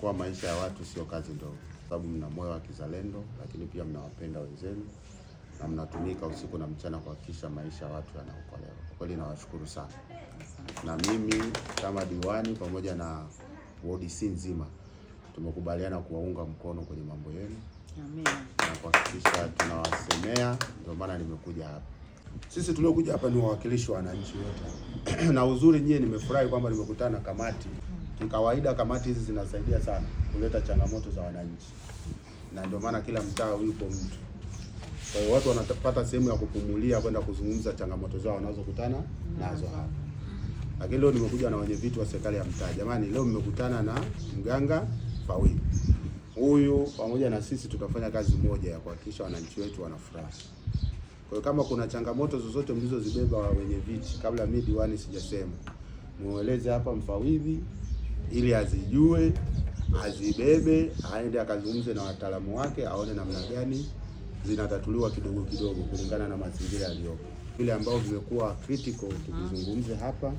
kuokoa maisha ya watu sio kazi ndogo, sababu mna moyo wa kizalendo, lakini pia mnawapenda wenzenu na mnatumika usiku na mchana kuhakikisha maisha ya watu yanaokolewa. Kwa kweli nawashukuru sana, na mimi kama diwani pamoja na wodi si nzima tumekubaliana kuwaunga mkono kwenye mambo yenu na kuhakikisha tunawasemea, ndio maana nimekuja hapa. Sisi tuliokuja hapa ni wawakilishi wa wananchi wote na uzuri nyie, nimefurahi kwamba nimekutana na kamati Kawaida kamati hizi zinasaidia sana kuleta changamoto za wananchi, na ndio maana kila mtaa yupo mtu. Kwa hiyo watu wanapata sehemu ya kupumulia, kwenda kuzungumza changamoto zao wanazokutana nazo hapa. Lakini leo nimekuja na wenyeviti wa serikali ya mtaa. Jamani, leo mmekutana na mganga Fawili huyu, pamoja na sisi tutafanya kazi moja ya kuhakikisha wananchi wetu wana furaha. Kwa hiyo kama kuna changamoto zozote mlizozibeba wenye viti, kabla mimi diwani sijasema, mueleze hapa Mfawidhi ili azijue, azibebe, aende akazungumze na wataalamu wake, aone namna gani zinatatuliwa kidogo kidogo kulingana na mazingira yaliyopo. Vile ambao vimekuwa critical tukizungumze hapa,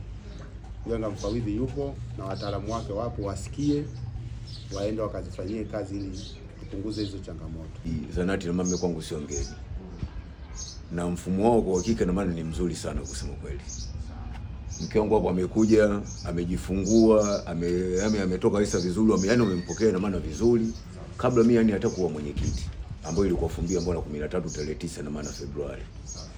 mganga mfawidhi yupo na wataalamu wake wapo, wasikie, waende wakazifanyie kazi ili tupunguze hizo changamoto. Zanati na mama kwangu sio ngeni, na mfumo wao kwa hakika na maana ni mzuri sana kusema kweli mke wangu hapo amekuja, amejifungua, ame, ame, ametoka hisa vizuri, ame yani umempokea na maana vizuri. Kabla mimi yani hata kuwa mwenyekiti ambayo ilikuwa fumbia ambayo na 13 tarehe 9 na maana Februari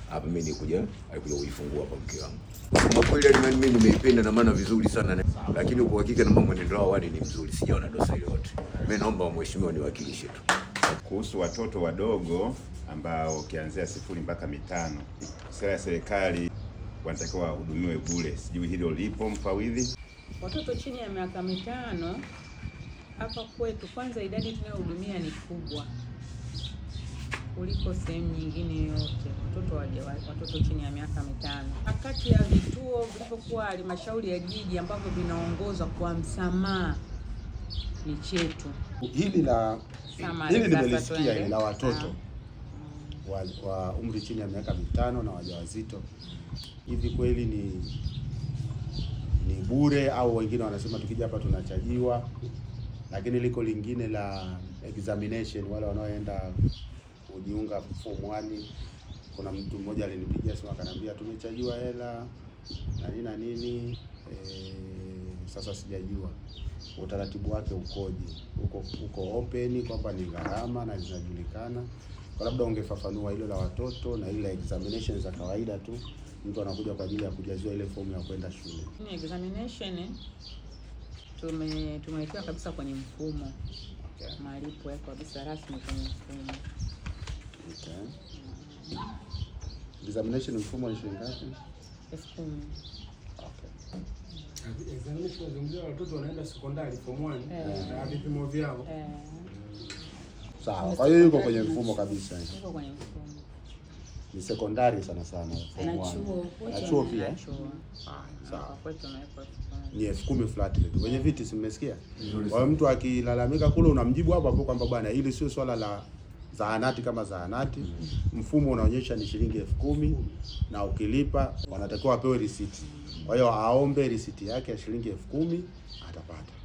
hapa mimi nikuja alikuja kujifungua kwa mke wangu. Kwa kweli yani mimi nimeipenda na maana vizuri sana, ne. lakini kwa hakika na mambo mwenendo wao wadi ni mzuri, sijaona dosa yoyote. Mimi naomba mheshimiwa niwakilishe tu kuhusu watoto wadogo ambao ukianzia sifuri mpaka mitano sera ya serikali wanatakiwa wahudumiwe bure. Sijui hilo lipo mfawidhi? Watoto chini ya miaka mitano hapa kwetu, kwanza idadi tunayohudumia ni kubwa kuliko sehemu nyingine yote, watoto waje watoto chini ya miaka mitano. Kati ya vituo vilivyokuwa halmashauri ya jiji ambavyo vinaongozwa kwa msamaha ni chetu hili, na hili nimelisikia la watoto ha. Ah wa, wa umri chini ya miaka mitano na wajawazito. Hivi kweli ni ni bure au wengine wanasema tukija hapa tunachajiwa? Lakini liko lingine la examination, wale wanaoenda kujiunga form Kuna mtu mmoja alinipigia simu akaniambia tumechajiwa hela na nini na nini e, sasa sijajua utaratibu wake ukoje, uko uko open kwamba ni gharama na zinajulikana kwa labda ungefafanua hilo la watoto na ile examination za kawaida tu, mtu anakuja kwa ajili ya kujaziwa ile fomu ya kwenda shule. Ni examination tume tumewekewa kabisa kwenye mfumo okay. Malipo yako kabisa rasmi kwenye mfumo okay. mm. Examination mfumo ni shilingi ngapi? elfu kumi. Okay. Examination watoto wanaenda sekondari form 1 eh. na vipimo vyao eh. Sawa. Kwa hiyo yuko kwenye mfumo kabisa. Yuko kwenye mfumo. Ni sekondari sana sana. Na chuo pia. Sawa. Ah, ni elfu kumi flat rate. Kwenye ah. viti si mmesikia? Kwa hiyo mtu akilalamika kule unamjibu hapo hapo kwamba bwana, hili sio swala la zahanati kama zahanati. Mm. Mfumo unaonyesha ni shilingi elfu kumi na ukilipa wanatakiwa apewe risiti. Kwa hiyo aombe risiti yake ya shilingi elfu kumi atapata.